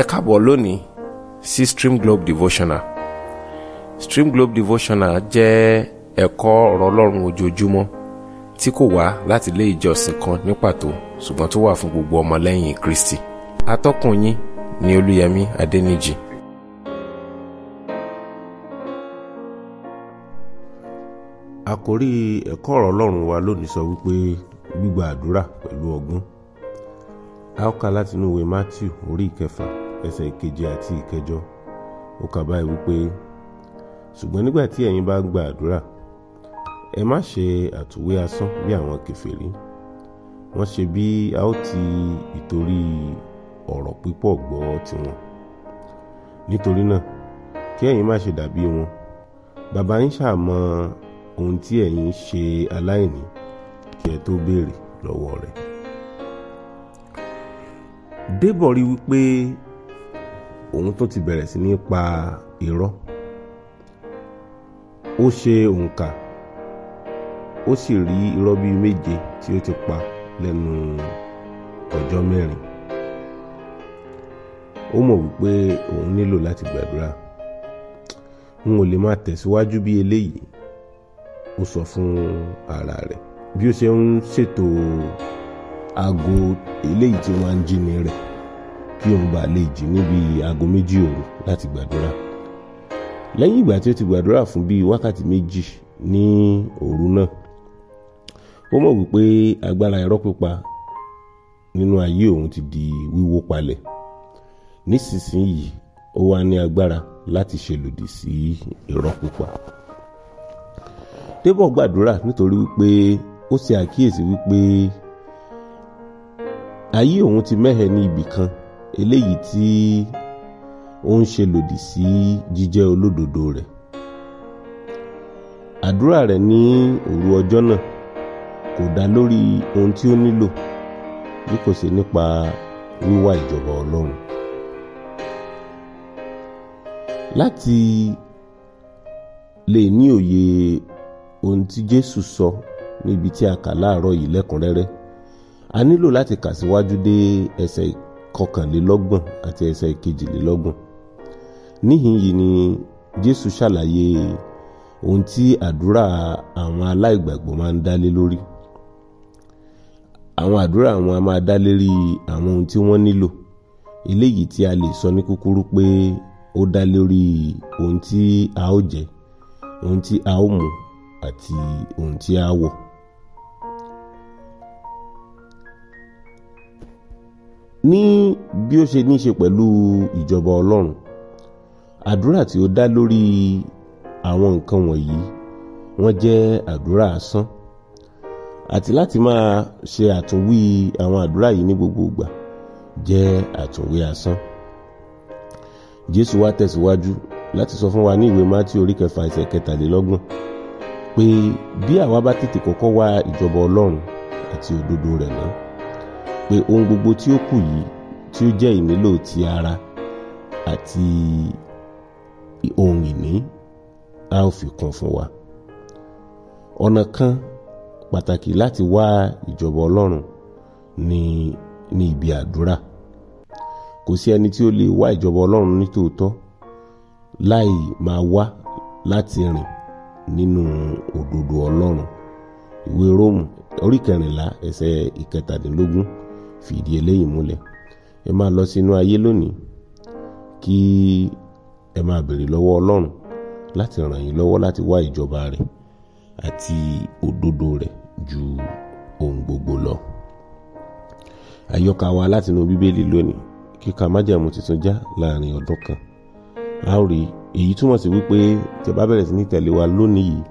ẹ káàbọ̀ lónìí sí stream globe devotional stream globe devotional jẹ́ ẹ̀kọ́ ọ̀rọ̀ ọlọ́run ojoojúmọ́ tí kò wá láti ilé ìjọsìn kan ní pàtó ṣùgbọ́n tó wà fún gbogbo ọmọlẹ́yìn kristi atọ́kùn yín ni olúyẹmí adẹ́nìjì. àkórí ẹ̀kọ́ ọ̀rọ̀ ọlọ́run wa lónìí sọ wípé gbígba àdúrà pẹ̀lú ọgbọ́n a ó kà látinú ìwé matthew orí ìkẹfà ẹsẹ̀ ìkeje àti ìkẹjọ ó kà báyìí wípé ṣùgbọ́n nígbà tí ẹ̀yin bá gba àdúrà ẹ má ṣe àtúwé asán bí àwọn kèfèrí wọ́n ṣe bí a ó ti ìtorí ọ̀rọ̀ pípọ̀ gbọ́ tiwọn nítorí náà kí ẹ̀yin má ṣe dàbí wọn bàbá yín ṣàmọ ohun tí ẹ̀yin ṣe aláìní kí ẹ tó béèrè lọ́wọ́ rẹ̀ débọ̀ rí wípé òun tó ti bẹ̀rẹ̀ sí ní pa irọ́ ó ṣe òǹkà ó sì rí irọ́ bíi méje tí ó ti pa lẹ́nu ọjọ́ mẹ́rin ó mọ̀ wípé òun nílò láti gbàdúrà n ò lè máa tẹ̀síwájú bí eléyìí ó sọ fún ara rẹ̀ bí ó ṣe ń ṣètò aago eléyìí tí wọ́n á ń jí ni rẹ̀ kí òun bá lè jí níbi aago méjì òru láti gbàdúrà lẹ́yìn ìgbà tí ó ti gbàdúrà fún bíi wákàtí méjì ní òru náà ó mọ̀ wípé agbára irọ́ pípa nínú ayé òun ti di wíwó palẹ̀ nísinsìnyí ó wá ní agbára láti ṣèlòdì sí irọ́ pípa débọ̀ gbàdúrà nítorí wípé ó ṣe àkíyèsí wípé ayé òun ti mẹ́hẹ̀ ní ibì kan eléyìí tí ó ń ṣe lòdì sí jíjẹ́ olódodo rẹ̀ àdúrà rẹ̀ ní òru ọjọ́ náà kò dá lórí ohun tí ó nílò bí kò ṣe nípa wíwá ìjọba ọlọ́run láti lè ní òye ohun tí jésù sọ níbi tí a kà láàárọ̀ yìí lẹ́kùnrẹ́rẹ́ a nílò láti kà síwájú dé ẹsẹ̀ kọkànlélọ́gbọ̀n àti ẹsẹ̀ kejìlélọ́gbọ̀n níhìn yìí ni jésù ṣàlàyé ohun tí àdúrà àwọn aláìgbàgbọ́ máa ń dá lé lórí àwọn àdúrà àwọn a máa dá lérí àwọn ohun tí wọ́n nílò eléyìí tí a lè sọ ní kúkúrú pé ó dá lórí ohun tí a ó jẹ ohun tí a ó mu àti ohun tí a wọ̀ ní bí ó ṣe ní ṣe pẹ̀lú ìjọba ọlọ́run àdúrà tí ó dá lórí àwọn nǹkan wọ̀nyí wọ́n jẹ́ àdúrà asán àti láti máa ṣe àtúnwí àwọn àdúrà yìí ní gbogbo ìgbà jẹ́ àtúnwí asán jésù wá tẹ̀síwájú láti sọ fún wa ní ìwé mátí orí kẹfà ẹsẹ̀ kẹtàlélọ́gbọ̀n pé bí àwa bá tètè kọ́kọ́ wá ìjọba ọlọ́run àti òdodo rẹ̀ náà pé ohun gbogbo tí ó kù yìí tí ó jẹ́ ìnílò ti ara àti ohun ìní a ó fi kún fún wa ọ̀nà kan pàtàkì láti wá ìjọba ọlọ́run ní ní ibi àdúrà kò sí ẹni tí ó lè wá ìjọba ọlọ́run nítòótọ́ láì máa wá láti rìn nínú òdodo ọlọ́run ìwé róòmù orí kẹrìnlá ẹsẹ̀ ìkẹtàdínlógún fìdí eléyìí múlẹ̀ ẹ máa lọ sínú ayé lónìí kí ẹ máa béèrè lọ́wọ́ ọlọ́run láti ràn yín lọ́wọ́ láti wá ìjọba rẹ̀ àti òdodo rẹ̀ ju ohun gbogbo lọ. àyọkà wa látinú bíbélì lónìí kíka májẹ̀mú tuntun já láàrin ọdún kan a ó rí èyí túmọ̀ sí wípé tẹ bá bẹ̀rẹ̀ sí ní tẹ̀lé wa lónìí yìí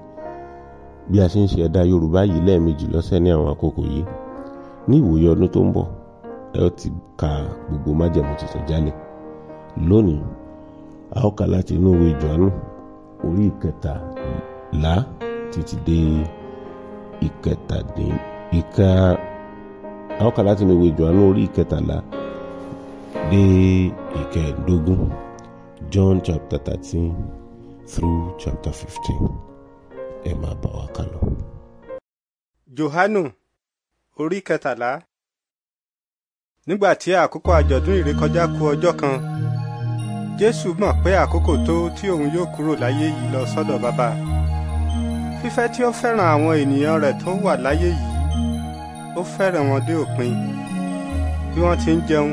bí a ṣe ń ṣe ẹ̀dá yorùbá yìí lẹ́ẹ̀mejì lọ́sẹ̀ ní àwọn àkókò yìí ní ìwòye ọdún tó ń bọ̀ ẹ ó ti ka gbogbo májẹ̀mú tuntun jálẹ̀ lónìí a ó kà láti inú ìwé Jòhánù orí ìkẹtàlá títí dé ìkẹtàdín ìka a ó kà láti inú ìwé Jòhánù orí ìkẹtàlá dé ìkẹẹ̀ẹ́dógún John chapter thirteen through chapter fifteen ẹ máa bá wa kà lọ. Jòhánù orí kẹtàlá nígbà tí àkókò àjọ̀dún ìrékọjá ku ọjọ́ kan jésù mọ̀ pé àkókò tó tí òun yóò kúrò láyé yìí lọ sọ́dọ̀ bàbá fífẹ́ tí ó fẹ́ràn àwọn ènìyàn rẹ̀ tó wà láyé yìí ó fẹ́ràn wọn dé òpin bí wọ́n ti ń jẹun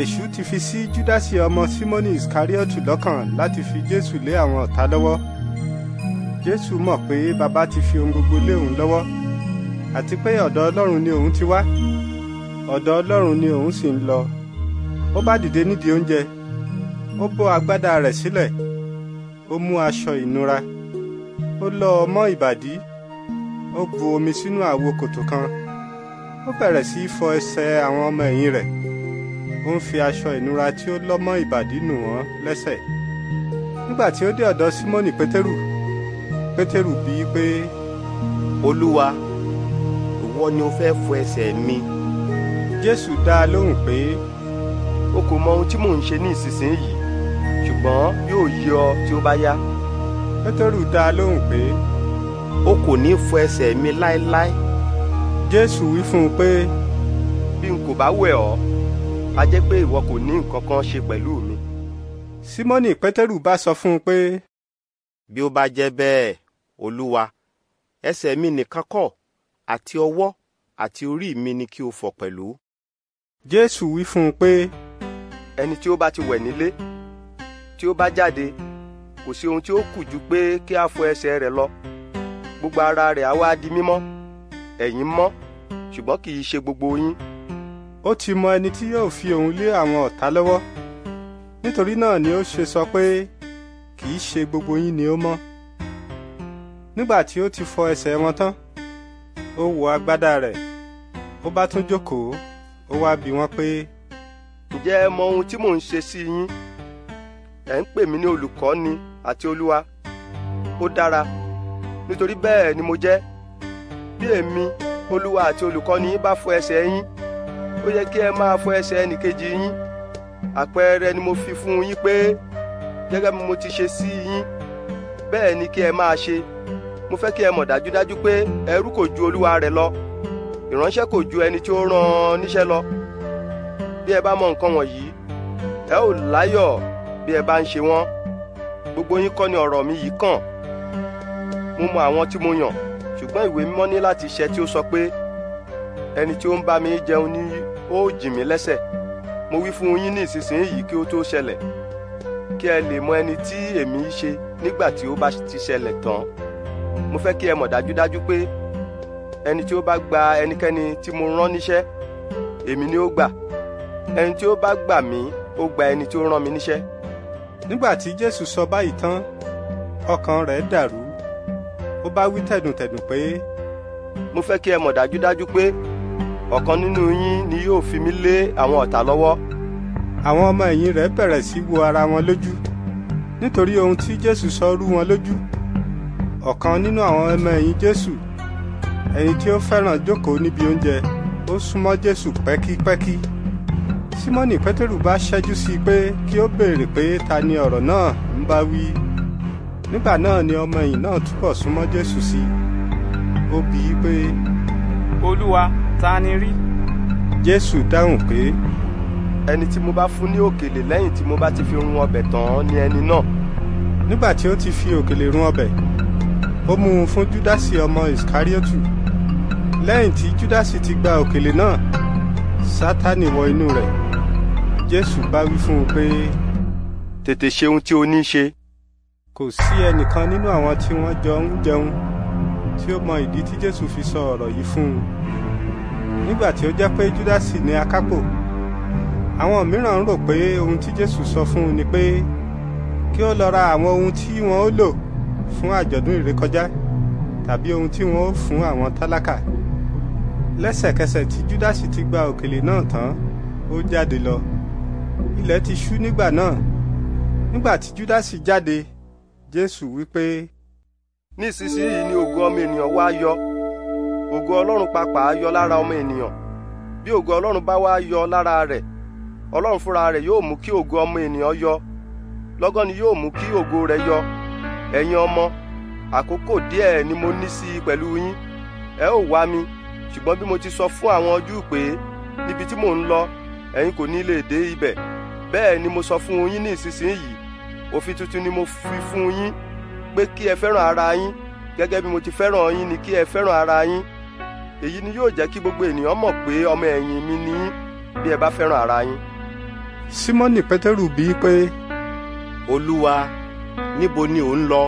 èṣù ti fi sí júdásì ọmọ símónì iskariotu lọ́kàn láti fi jésù lé àwọn ọ̀tá lọ́wọ́ jésù mọ̀ pé bàbá ti fi ohun gbogbo lé òun lọ́wọ́ àti pé ọ̀dọ̀ ọlọ́run ni òun ti wá ọ̀dọ̀ Ọlọ́run ni òun sì ń lọ ó bá dìde nídìí oúnjẹ ó bó agbádá rẹ̀ sílẹ̀ ó mú aṣọ ìnura ó lọ ọmọ ìbàdí ó bu omi sínú àwo kòtò kan ó bẹ̀rẹ̀ sí í fọ ẹsẹ̀ àwọn ọmọ ẹ̀yìn rẹ̀ ó ń fi aṣọ ìnura tí ó lọ́ mọ́ ìbàdí nù wọ́n lẹ́sẹ̀ nígbà tí ó dé ọ̀dọ̀ Símónì Pétérù Pétérù bí pé. Olúwa ìwọ ni o fẹ́ fọ ẹsẹ̀ mi jésù dá a lóhùn pé o kò mọ ohun tí mò ń ṣe ní ìsinsìnyí ṣùgbọ́n yóò yé ọ tí ó bá yá pétérù dá a lóhùn pé o kò ní fọ ẹsẹ̀ mi láéláé jésù wí fún un pé bí n kò bá wẹ̀ ọ́ a jẹ́ pé ìwọ kò ní nǹkan kan ṣe pẹ̀lú mi. símọ́nì pétérù bá sọ fún un pé. bí ó bá jẹ́ bẹ́ẹ̀ olúwa ẹsẹ̀ mi nìkan kọ́ àti ọwọ́ àti orí mi ni kí o fọ̀ pẹ̀lú jésù wí fún un pé ẹni tí ó bá ti wẹ̀ nílé tí ó bá jáde kò sí ohun tí ó kù ju pé kí a fọ ẹsẹ̀ rẹ̀ lọ gbogbo ara rẹ̀ á wá di mímọ́ ẹ̀yin mọ́ ṣùgbọ́n kì í ṣe gbogbo yín. ó ti mọ ẹni tí yóò fi òun lé àwọn ọ̀tá lọ́wọ́ nítorí náà ni ó ṣe sọ pé kì í ṣe gbogbo yín ni ó mọ́ nígbà tí ó ti fọ ẹsẹ̀ wọn tán ó wọ agbádá rẹ̀ ó bá tún jókòó ó wá bi wọ́n pé. ǹjẹ́ ẹ mọ ohun tí mò ń ṣe sí yín ẹ̀ ń pè mí ní olùkọ́ni àti olúwa ó dára nítorí bẹ́ẹ̀ ni mo jẹ́ bí èmi olúwa àti olùkọ́ni yín bá fọ ẹsẹ̀ yín ó yẹ kí ẹ máa fọ ẹsẹ̀ ẹnìkejì yín àpẹẹrẹ ni mo fi fún yín pé gẹ́gẹ́ bí mo ti ṣe sí yín bẹ́ẹ̀ ni kí ẹ máa ṣe mo fẹ́ kí ẹ mọ̀ dájúdájú pé ẹrú kò ju olúwa rẹ̀ lọ ìránṣẹ́ kò ju ẹni tí ó rán níṣẹ́ lọ bí ẹ bá mọ nǹkan wọ̀nyí ẹ ò láyọ̀ bí ẹ bá ń ṣe wọ́n gbogbo yín kọ́ ni ọ̀rọ̀ mi yìí kàn mo mọ àwọn tí mo yàn ṣùgbọ́n ìwé mímọ́ ní láti ṣẹ tí ó sọ pé ẹni tí ó ń bá mi jẹun ni ó jì mí lẹ́sẹ̀ mo wí fún yín ní ìsinsìnyí kí ó tó ṣẹlẹ̀ kí ẹ lè mọ ẹni tí èmi ṣe nígbà tí ó bá ti ṣẹlẹ̀ tán mo fẹ́ kí ẹ mọ̀ dájúdájú pé ẹni tí ó bá gba ẹnikẹ́ni tí mo rán níṣẹ́ èmi ni ó gbà ẹni tí ó bá gbà mí ó gba ẹni tí ó rán mi níṣẹ́. nígbà tí jésù sọ báyìí tán ọkàn rẹ̀ dàrú ó bá wí tẹ̀dùntẹ̀dùn pé. mo fẹ́ kí ẹ mọ̀ dájúdájú pé ọ̀kan nínú yín ni yóò fi mí lé àwọn ọ̀tá lọ́wọ́. àwọn ọmọ ẹ̀yìn rẹ̀ bẹ̀rẹ̀ sí wo ara wọn lójú nítorí ohun tí jésù sọ rú wọn lójú ọ̀kan nínú àwọn ọmọ ẹ̀yìn jésù ẹni tí ó fẹ́ràn jókòó níbi oúnjẹ ó súnmọ́ jésù pẹ́kípẹ́kí símọ́nì pétérù bá ṣẹ́jú sí i pé kí ó béèrè pé ta ni ọ̀rọ̀ náà ń bá wí nígbà náà ni ọmọ ẹ̀yìn náà túbọ̀ súnmọ́ jésù sí i ó bi í pé olúwa ta ni rí jésù dáhùn pé ẹni tí mo bá fún ní òkèlè lẹ́yìn tí mo bá ti fi run ọbẹ̀ tán ni ẹni náà nígbà tí ó ti fi òkèlè run ọbẹ̀ ó mú un fún júdásì ọmọ ìsíkáríòtù lẹ́yìn tí júdásì ti gba òkèlè náà sátánì wọ inú rẹ̀ jésù bá wí fún un pé. tètè ṣe ohun tí o ní í ṣe. kò sí ẹnìkan nínú àwọn tí wọ́n jọ ń jẹun tí ó mọ ìdí tí jésù fi sọ ọ̀rọ̀ yìí fún un nígbà tí ó jẹ́ pé júdásì ní akápò àwọn mìíràn ń rò pé ohun tí jésù sọ fún un ni pé kí ó lọ ra àwọn ohun tí wọn ó lò fún àjọ̀dún ìrékọjá tàbí ohun tí wọn ó fún àwọn tálákà lẹ́sẹ̀kẹsẹ̀ tí júdásì ti gba òkèlè náà tán ó jáde lọ ilẹ̀ ti ṣú nígbà náà nígbà tí júdásì jáde jésù wípé. nísinsìnyí ni ògo ọmọ ènìyàn wá yọ ògo ọlọ́run pàápàá yọ lára ọmọ ènìyàn bí ògo ọlọ́run bá wá yọ lára rẹ̀ ọlọ́run fúnra rẹ̀ yóò mú kí ògo ọmọ ènìyàn yọ lọ́gán ni yóò mú kí ògo rẹ̀ yọ ẹ̀yin ọmọ àkókò díẹ̀ ni mo ní sí i pẹ̀lú yín ẹ ó wá mi ṣùgbọ́n bí mo ti sọ fún àwọn Júù pé níbi tí mò ń lọ ẹ̀yin kò ní lè dé ibẹ̀ bẹ́ẹ̀ ni mo sọ fún yín ní ìsinsìnyí òfin tuntun ni mo fi fún yín pé kí ẹ fẹ́ràn ara yín gẹ́gẹ́ bí mo ti fẹ́ràn yín ni kí ẹ fẹ́ràn ara yín èyí ni yóò jẹ́ kí gbogbo ènìyàn mọ̀ pé ọmọ ẹ̀yìn mi ni bí ẹ bá fẹ́ràn ara yín. Símọ́nì Pétérù bí i pé Olúwa níbo ni ò ń lọ?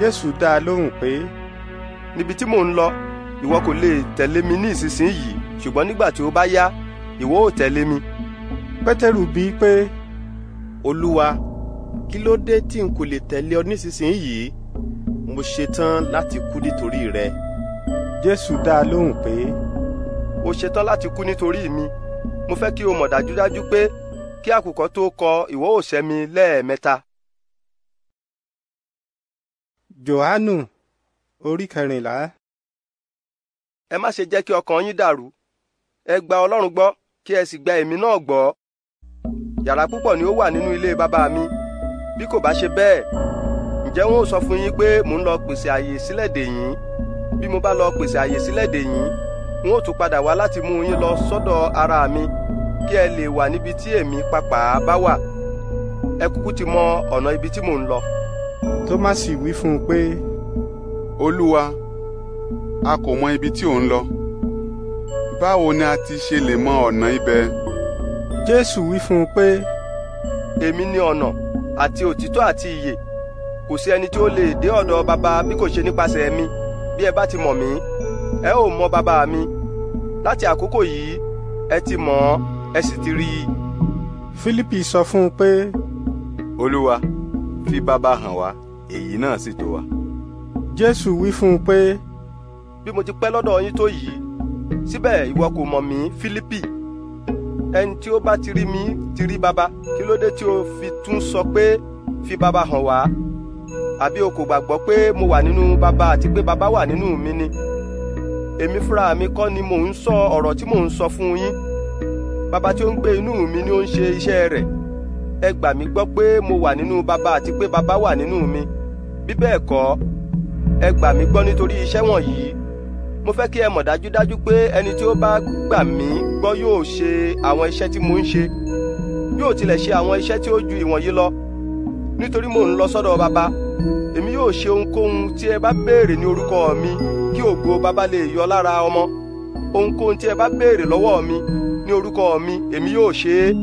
Jésù dá a lóhùn pé níbi tí mò ń lọ ìwọ kò lè tẹ̀lé mi ní ìsinsìnyí ṣùgbọ́n nígbà tí ó bá yá ìwọ ó tẹ̀lé mi. pétérù bí i pé olúwa kí ló dé tí n kò lè tẹ̀lé ọ nísinsìnyí mo ṣetán láti kú nítorí rẹ. jésù dá a lóhùn pé o ṣetán láti kú nítorí mi mo fẹ́ kí o mọ̀ dájúdájú pé kí àkùkọ tó kọ ìwọ ó sẹ́ mi lẹ́ẹ̀mẹ́ta. johanu orí kẹrìnlá ẹ má ṣe jẹ́ kí ọkàn yín dàrú ẹ gba ọlọ́run gbọ́ kí ẹ sì gba èmi náà gbọ́ yàrá púpọ̀ ni ó wà nínú ilé bàbá mi bí kò bá ṣe bẹ́ẹ̀ ǹjẹ́ wọn ò sọ fún yín pé mò ń lọ pèsè àyè sílẹ̀ dè yín bí mo bá lọ pèsè àyè sílẹ̀ dè yín wọn ò tún padà wá láti mú yín lọ sọ́dọ̀ ara mi kí ẹ lè wà níbi tí èmi pàápàá bá wà ẹ kúkú ti mọ ọ̀nà ibi tí mò ń lọ. Tómásì wí fún un pé olúwa a kò mọ ibi tí ò ń lọ báwo ni a ti ṣe lè mọ ọ̀nà ibẹ̀. jésù wí fún un pé. èmi ni ọ̀nà àti òtítọ́ àti ìyè kò sí ẹni tí ó lè dé ọ̀dọ̀ bàbá bí kò ṣe nípasẹ̀ mi bí ẹ bá ti mọ̀ mí ẹ ó mọ bàbá mi láti àkókò yìí ẹ ti mọ̀ ọ́ ẹ sì ti rí i. fílípì sọ fún un pé. olúwa fi bàbá hàn wá èyí náà sì tó wa. jésù wí fún un pé bí mo ti pẹ́ lọ́dọ̀ yín tó yìí síbẹ̀ ìwọ kò mọ̀ mí Fílípì ẹni tí ó bá ti rí mi ti rí baba kí ló dé tí o fi tún sọ pé fi baba hàn wá àbí o kò gbàgbọ́ pé mo wà nínú baba àti pé baba wà nínú mi ni èmi fúnra mi kọ́ ni mò ń sọ ọ̀rọ̀ tí mò ń sọ fún yín baba tí ó ń gbé inú mi ni ó ń ṣe iṣẹ́ rẹ̀ ẹ gbà mí gbọ́ pé mo wà nínú baba àti pé baba wà nínú mi bí bẹ́ẹ̀ kọ́ ẹ gbà mí gbọ́ nítorí iṣẹ́ wọ̀nyí mo fẹ́ kí ẹ mọ̀ dájúdájú pé ẹni tí ó bá gbà mí gbọ́ yóò ṣe àwọn iṣẹ́ tí mo ń ṣe yóò tilẹ̀ ṣe àwọn iṣẹ́ tí ó ju ìwọ̀nyí lọ nítorí mò ń lọ sọ́dọ̀ bàbá èmi yóò ṣe ohunkóhun tí ẹ bá béèrè ní orúkọ mi kí ògo bàbá lè yọ lára ọmọ ohunkóhun tí ẹ bá béèrè lọ́wọ́ mi ní orúkọ mi èmi yóò ṣe é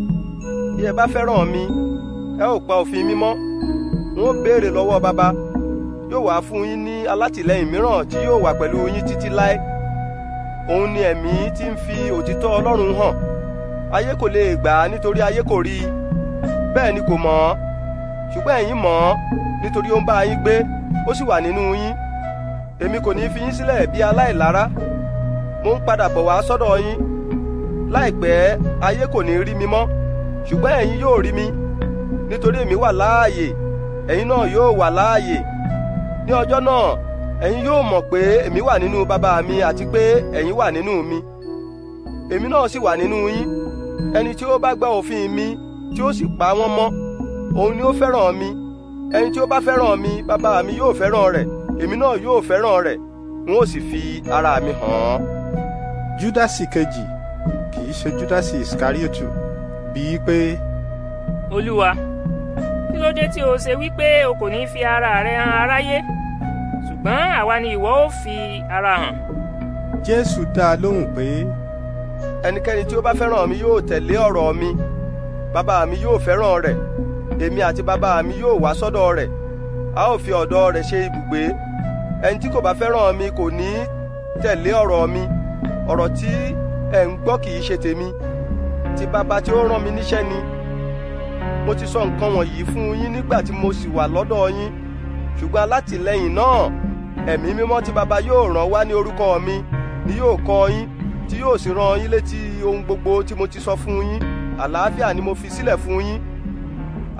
bí ẹ bá fẹ́ràn mi ẹ ò pa òfin mi mọ́ ó béèrè lọ́wọ́ bàbá yóò wá fún yín ní alátìlẹ́yìn mìíràn tí yóò wà pẹ̀lú yín títí láé òun ni ẹ̀mí tí ń fi òtítọ́ Ọlọ́run hàn ayé kò lè gbà á nítorí ayé kò rí i bẹ́ẹ̀ ni kò mọ̀ ọ́ ṣùgbọ́n ẹ̀yin mọ̀ ọ́ nítorí ó ń bá yín gbé ó sì wà nínú yín èmi kò ní fi yín sílẹ̀ bí aláìlára mo ń padà bọ̀ wá sọ́dọ̀ yín láìpẹ́ ayé kò ní rí mi mọ́ ṣùgbọ́n ẹ̀yin yóò rí mi nítorí èmi wà láàyè ẹ̀yin náà yóò wà láàyè ní ọjọ́ náà ẹ̀yin yóò mọ̀ pé èmi wà nínú bàbá mi àti pé ẹ̀yin wà nínú mi èmi náà sì wà nínú yín ẹni tí ó bá gba òfin mi tí ó sì pa wọ́n mọ́ òun ni ó fẹ́ràn mi ẹni tí ó bá fẹ́ràn mi bàbá mi yóò fẹ́ràn rẹ̀ èmi náà yóò fẹ́ràn rẹ̀ n ó sì fi ara mi hàn án. júdásì kejì kì í ṣe júdásì ìsíkáríòtù bíi pé. olúwa kí ló dé tí o ṣe wí o kò ní fi ara rẹ hàn aráyé ṣùgbọ́n àwa ni ìwọ ó fi ara hàn. jésù dá a lóhùn pé. ẹnikẹ́ni tí ó bá fẹ́ràn mi yóò tẹ̀lé ọ̀rọ̀ mi bàbá mi yóò fẹ́ràn rẹ̀ èmi àti bàbá mi yóò wá sọ́dọ̀ rẹ̀ a ó fi ọ̀dọ̀ rẹ̀ ṣe ibùgbé ẹni tí kò bá fẹ́ràn mi kò ní tẹ̀lé ọ̀rọ̀ mi ọ̀rọ̀ tí ẹ̀ ń gbọ́ kì í ṣe tèmi ti bàbá tí ó rán mi níṣẹ́ ni mo ti sọ nǹkan wọ̀nyí fún yín nígbà tí mo sì wà lọ́dọ̀ yín ṣùgbọ́n alátìlẹ́yìn náà ẹ̀mí mímọ́ tí baba yóò rán wá ní orúkọ mi ni yóò kọ́ yín tí yóò sì rán yín létí ohun gbogbo tí mo ti sọ fún yín àlàáfíà ni mo fi sílẹ̀ fún yín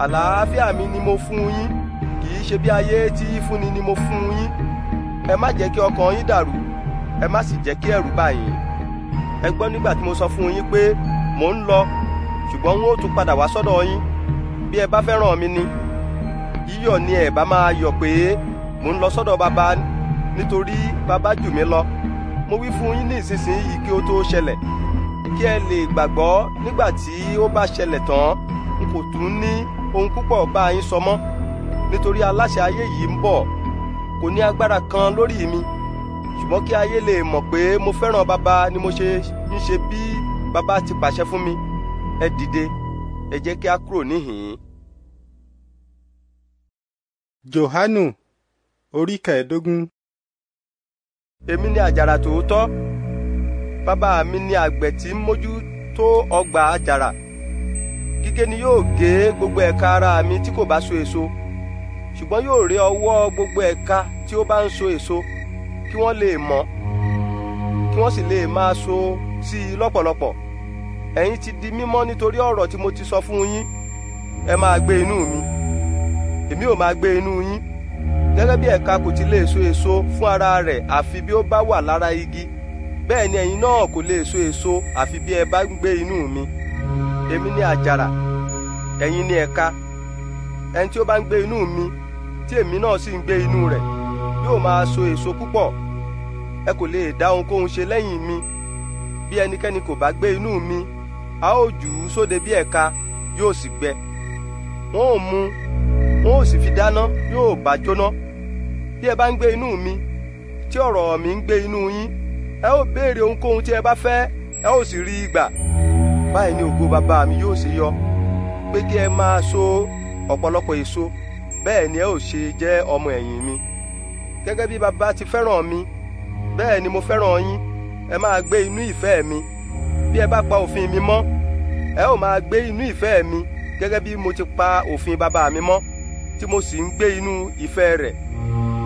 àlàáfíà mi ni mo fún yín kì í ṣe bí ayé tí fúnni ni mo fún yín ẹ má jẹ́ kí ọkàn yín dàrú ẹ má sì jẹ́ kí ẹ̀rù bà yín ẹ gbọ́ nígbà tí mo sọ fún yín pé mò ń lọ ṣùgbọ́n n ó tún padà wá sọ́dọ̀ yín bí ẹ bá fẹ́ràn mi ni yíyọ̀ ni ẹ bá máa yọ̀ pé mò ń lọ sọ́dọ̀ bàbá nítorí bàbá jù mí lọ mo wí fún yín ní ìsinsìnyí kí ó tó ṣẹlẹ̀ kí ẹ lè gbàgbọ́ nígbà tí ó bá ṣẹlẹ̀ tán n kò tún ní ohun púpọ̀ bá yín sọ mọ́ nítorí aláṣẹ ayé yìí ń bọ̀ kò ní agbára kan lórí mi ṣùgbọ́n kí ayé lè mọ̀ pé mo fẹ́ràn bàbá ni mo ṣe ń ṣe bí bàbá ti pàṣẹ fún mi ẹ dìde ẹ jẹ́ kí a kúrò níhìn-ín. Jòhánù orí kẹẹ̀ẹ́dógún èmi ni àjàrà tòótọ́ bàbá mi ni àgbẹ̀ tí ń mójú tó ọgbà àjàrà gígé ni yóò gé gbogbo ẹ̀ka ara mi tí kò bá so èso ṣùgbọ́n yóò ré ọwọ́ gbogbo ẹ̀ka tí ó bá ń so èso kí wọ́n lè mọ̀ kí wọ́n sì lè máa so sí i lọ́pọ̀lọpọ̀ ẹ̀yin ti di mímọ́ nítorí ọ̀rọ̀ tí mo ti sọ fún yín ẹ máa gbé inú mi èmi ò máa gbé inú yín. gẹ́gẹ́ bí ẹ̀ka kò ti lè so èso fún ara rẹ̀ àfi bí ó bá wà lára igi bẹ́ẹ̀ ni ẹ̀yin náà kò lè so èso àfi bí ẹ bá gbé inú mi èmi ni àjàrà ẹ̀yin ni ẹ̀ka ẹni tí ó bá ń gbé inú mi tí èmi náà sì ń gbé inú rẹ̀ yóò so èso púpọ̀ ẹ kò lè dá ohunkóhun ṣe mi bí ẹnikẹ́ni kò bá gbé inú mi a ó jù ú sóde bí ẹ̀ka yóò sì gbẹ mu wọn ò sì fi dáná yóò bá jóná. bí ẹ bá ń gbé inú mi tí ọ̀rọ̀ mi ń gbé inú yín ẹ ó béèrè ohunkóhun tí ẹ bá fẹ́ ẹ ó sì rí i gbà báyìí ni ògo bàbá mi yóò ṣe yọ pé kí ẹ máa so ọ̀pọ̀lọpọ̀ èso bẹ́ẹ̀ ni ẹ ó ṣe jẹ́ ọmọ ẹ̀yìn mi gẹ́gẹ́ bí bàbá ti fẹ́ràn mi bẹ́ẹ̀ ni mo fẹ́ràn yín ẹ máa gbé inú ìfẹ́ mi bí ẹ bá pa òfin mi mọ́ ẹ ó máa gbé inú ìfẹ́ mi gẹ́gẹ́ bí mo ti pa òfin bàbá mi mọ́ tí mo sì ń gbé inú ìfẹ́ rẹ̀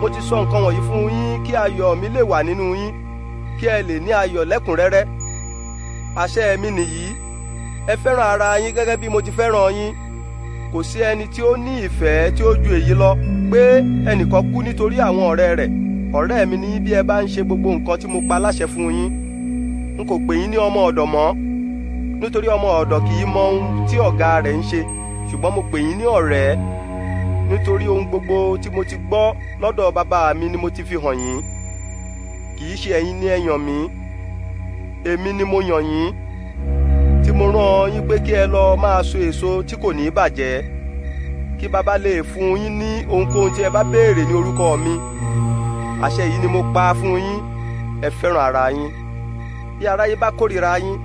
mo ti sọ nǹkan wọ̀nyí fún yín kí ayọ̀ mi lè wà nínú yín kí ẹ lè ní ayọ̀ lẹ́kùnrẹ́rẹ́ àṣẹ mi nìyí ẹ fẹ́ràn ara yín gẹ́gẹ́ bí mo ti fẹ́ràn yín kò sí ẹni tí ó ní ìfẹ́ tí ó ju èyí lọ pé ẹnìkan kú nítorí àwọn ọ̀rẹ́ rẹ̀ ọ̀rẹ́ mi ní bí ẹ bá ń ṣe gbogbo nǹkan tí mo pa láṣẹ fún yín n kò pè yín ní ọmọ ọ̀dọ̀ mọ́ nítorí ọmọ ọ̀dọ̀ kì í mọ ohun tí ọ̀gá rẹ̀ ń ṣe ṣùgbọ́n mo pè yín ní ọ̀rẹ́ nítorí ohun gbogbo tí mo ti gbọ́ lọ́dọ̀ bàbá mi ni mo ti fi hàn yín kì í ṣe ẹ̀yin ni ẹ yàn mí èmi ni mo yàn yín tí mo rán yín pé kí ẹ lọ máa so èso tí kò ní bàjẹ́ kí bàbá lè fún yín ní ohunkóhun tí ẹ bá béèrè ní orúkọ mi àṣẹ yìí ni mo pa fún yín ẹ fẹ́ràn ara yín bí aráyé bá kórìíra yín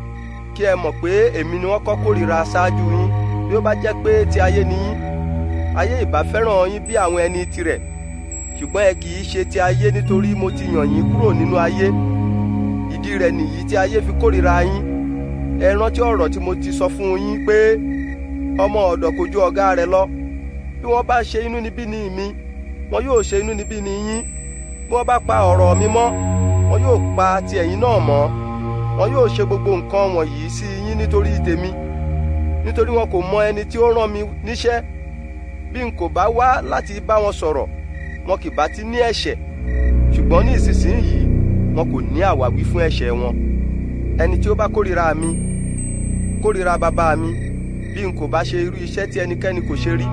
kí ẹ mọ̀ pé èmi ni wọ́n kọ́ kórìíra ṣáájú yín bí ó bá jẹ́ pé ti ayé ni yín ayé ìbá fẹ́ràn yín bí àwọn ẹni tirẹ̀ ṣùgbọ́n ẹ kì í ṣe ti ayé nítorí mo ti yàn yín kúrò nínú ayé ìdí rẹ̀ nìyí tí ayé fi kórìíra yín ẹ rántí ọ̀rọ̀ tí mo ti sọ fún yín pé ọmọ ọ̀dọ̀ kò ọ̀gá rẹ̀ lọ bí wọ́n bá ṣe inúnibíni mi wọn yóò ṣe inúnibíni yín bí wọ́n bá pa ọ̀rọ̀ mi mọ́ wọn yóò pa ti ẹ̀yin náà mọ́ wọn yóò ṣe gbogbo nǹkan wọ̀nyí sí yín nítorí tèmi nítorí wọn kò mọ ẹni tí ó rán mi níṣẹ́ bí n kò bá wá láti bá wọn sọ̀rọ̀ wọn kì bá ti ní ẹ̀ṣẹ̀ ṣùgbọ́n ní ìsinsìnyí wọn kò ní àwáwí fún ẹ̀ṣẹ̀ wọn ẹni tí ó bá kórìíra mi kórìíra bàbá mi bí n kò bá ṣe irú iṣẹ́ tí ẹnikẹ́ni kò ṣe rí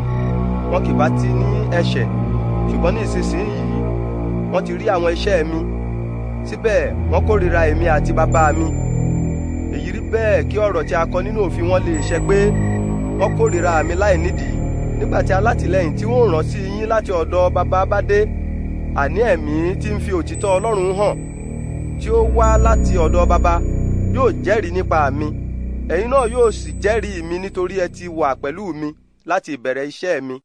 wọn kì bá ti ní ẹ̀ṣẹ̀ ṣùgbọ́n ní ìsinsìnyí wọn ti rí àwọn iṣẹ́ mi síbẹ̀ wọn kórìíra èmi àti bàbá mi èyí rí bẹ́ẹ̀ kí ọ̀rọ̀ tí a kọ nínú òfin wọn lè ṣẹ pé wọn kórìíra mi láì nídìí nígbàtí alátìlẹ́yìn tí wọ́n rán sí yín láti ọ̀dọ̀ bàbá bá àní ẹ̀mí tí ń fi òtítọ́ Ọlọ́run hàn tí ó wá láti ọ̀dọ̀ bàbá yóò jẹ́rìí nípa mi ẹ̀yin náà yóò sì jẹ́rìí mi nítorí ẹ ti wà pẹ̀lú mi láti ìbẹ̀rẹ̀ iṣẹ́ mi.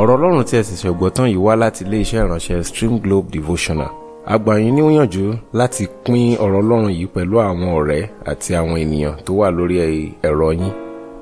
ọ̀rọ̀ Ọlọ́run tí ẹ sì ṣẹ̀gbọ́ tán yìí wá láti iléeṣẹ́ ìránṣẹ́ Stream Globe Devotional a gbà yín níyànjú láti pín ọ̀rọ̀ Ọlọ́run yìí pẹ̀lú àwọn ọ̀rẹ́ àti àwọn ènìyàn tó wà lórí ẹ̀rọ yín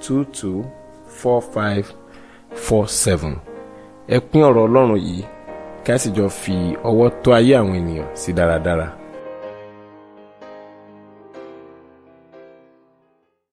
22 45 47. ẹ pín ọ̀rọ̀ ọlọ́run yìí kí a sì jọ fi ọwọ́ tó ayé àwọn ènìyàn sí dáradára.